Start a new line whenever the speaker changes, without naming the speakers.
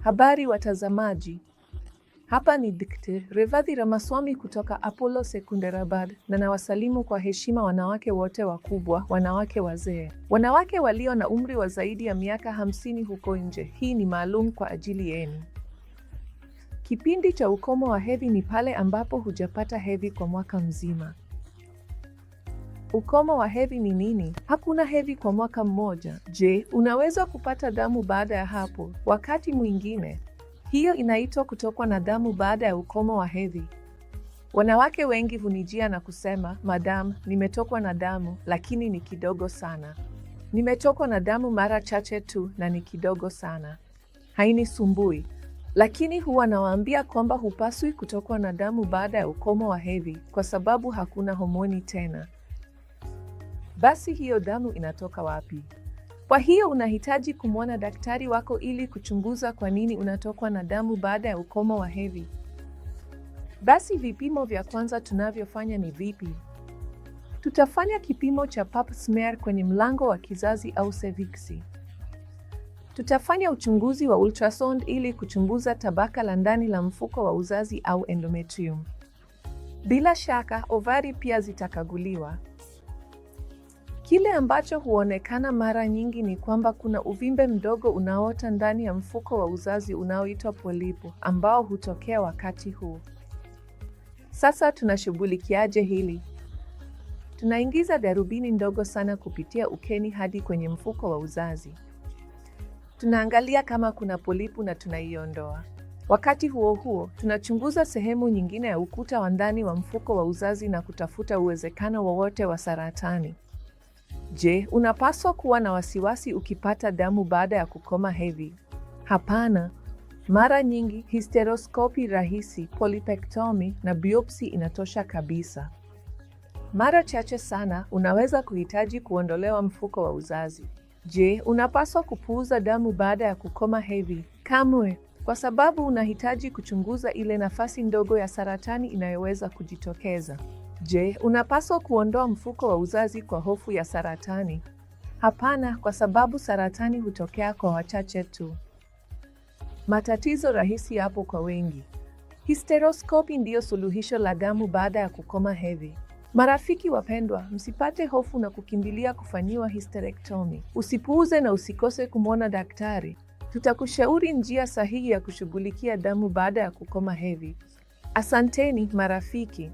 Habari watazamaji, hapa ni Dkt. Revathi Ramaswamy kutoka Apollo Secunderabad na nawasalimu kwa heshima wanawake wote wakubwa, wanawake wazee, wanawake walio na umri wa zaidi ya miaka hamsini huko nje. Hii ni maalum kwa ajili yenu. Kipindi cha ukomo wa hedhi ni pale ambapo hujapata hedhi kwa mwaka mzima. Ukomo wa hedhi ni nini? Hakuna hedhi kwa mwaka mmoja. Je, unaweza kupata damu baada ya hapo? Wakati mwingine hiyo inaitwa kutokwa na damu baada ya ukomo wa hedhi. Wanawake wengi hunijia na kusema, madam, nimetokwa na damu lakini ni kidogo sana. Nimetokwa na damu mara chache tu na ni kidogo sana, hainisumbui. Lakini huwa nawaambia kwamba hupaswi kutokwa na damu baada ya ukomo wa hedhi kwa sababu hakuna homoni tena basi hiyo damu inatoka wapi? Kwa hiyo unahitaji kumwona daktari wako ili kuchunguza kwa nini unatokwa na damu baada ya ukomo wa hedhi. Basi vipimo vya kwanza tunavyofanya ni vipi? Tutafanya kipimo cha pap smear kwenye mlango wa kizazi au seviksi. Tutafanya uchunguzi wa ultrasound ili kuchunguza tabaka la ndani la mfuko wa uzazi au endometrium. Bila shaka, ovari pia zitakaguliwa. Kile ambacho huonekana mara nyingi ni kwamba kuna uvimbe mdogo unaoota ndani ya mfuko wa uzazi unaoitwa polipu ambao hutokea wakati huu. Sasa tunashughulikiaje hili? Tunaingiza darubini ndogo sana kupitia ukeni hadi kwenye mfuko wa uzazi. Tunaangalia kama kuna polipu na tunaiondoa. Wakati huo huo, tunachunguza sehemu nyingine ya ukuta wa ndani wa mfuko wa uzazi na kutafuta uwezekano wowote wa saratani. Je, unapaswa kuwa na wasiwasi ukipata damu baada ya kukoma hedhi? Hapana. Mara nyingi hysteroscopy rahisi, polipektomi na biopsi inatosha kabisa. Mara chache sana unaweza kuhitaji kuondolewa mfuko wa uzazi. Je, unapaswa kupuuza damu baada ya kukoma hedhi? Kamwe, kwa sababu unahitaji kuchunguza ile nafasi ndogo ya saratani inayoweza kujitokeza. Je, unapaswa kuondoa mfuko wa uzazi kwa hofu ya saratani? Hapana, kwa sababu saratani hutokea kwa wachache tu. Matatizo rahisi yapo kwa wengi. Hysteroscopy ndiyo suluhisho la damu baada ya kukoma hedhi. Marafiki wapendwa, msipate hofu na kukimbilia kufanyiwa hysterectomy. Usipuuze na usikose kumwona daktari. Tutakushauri njia sahihi ya kushughulikia damu baada ya kukoma hedhi. Asanteni marafiki.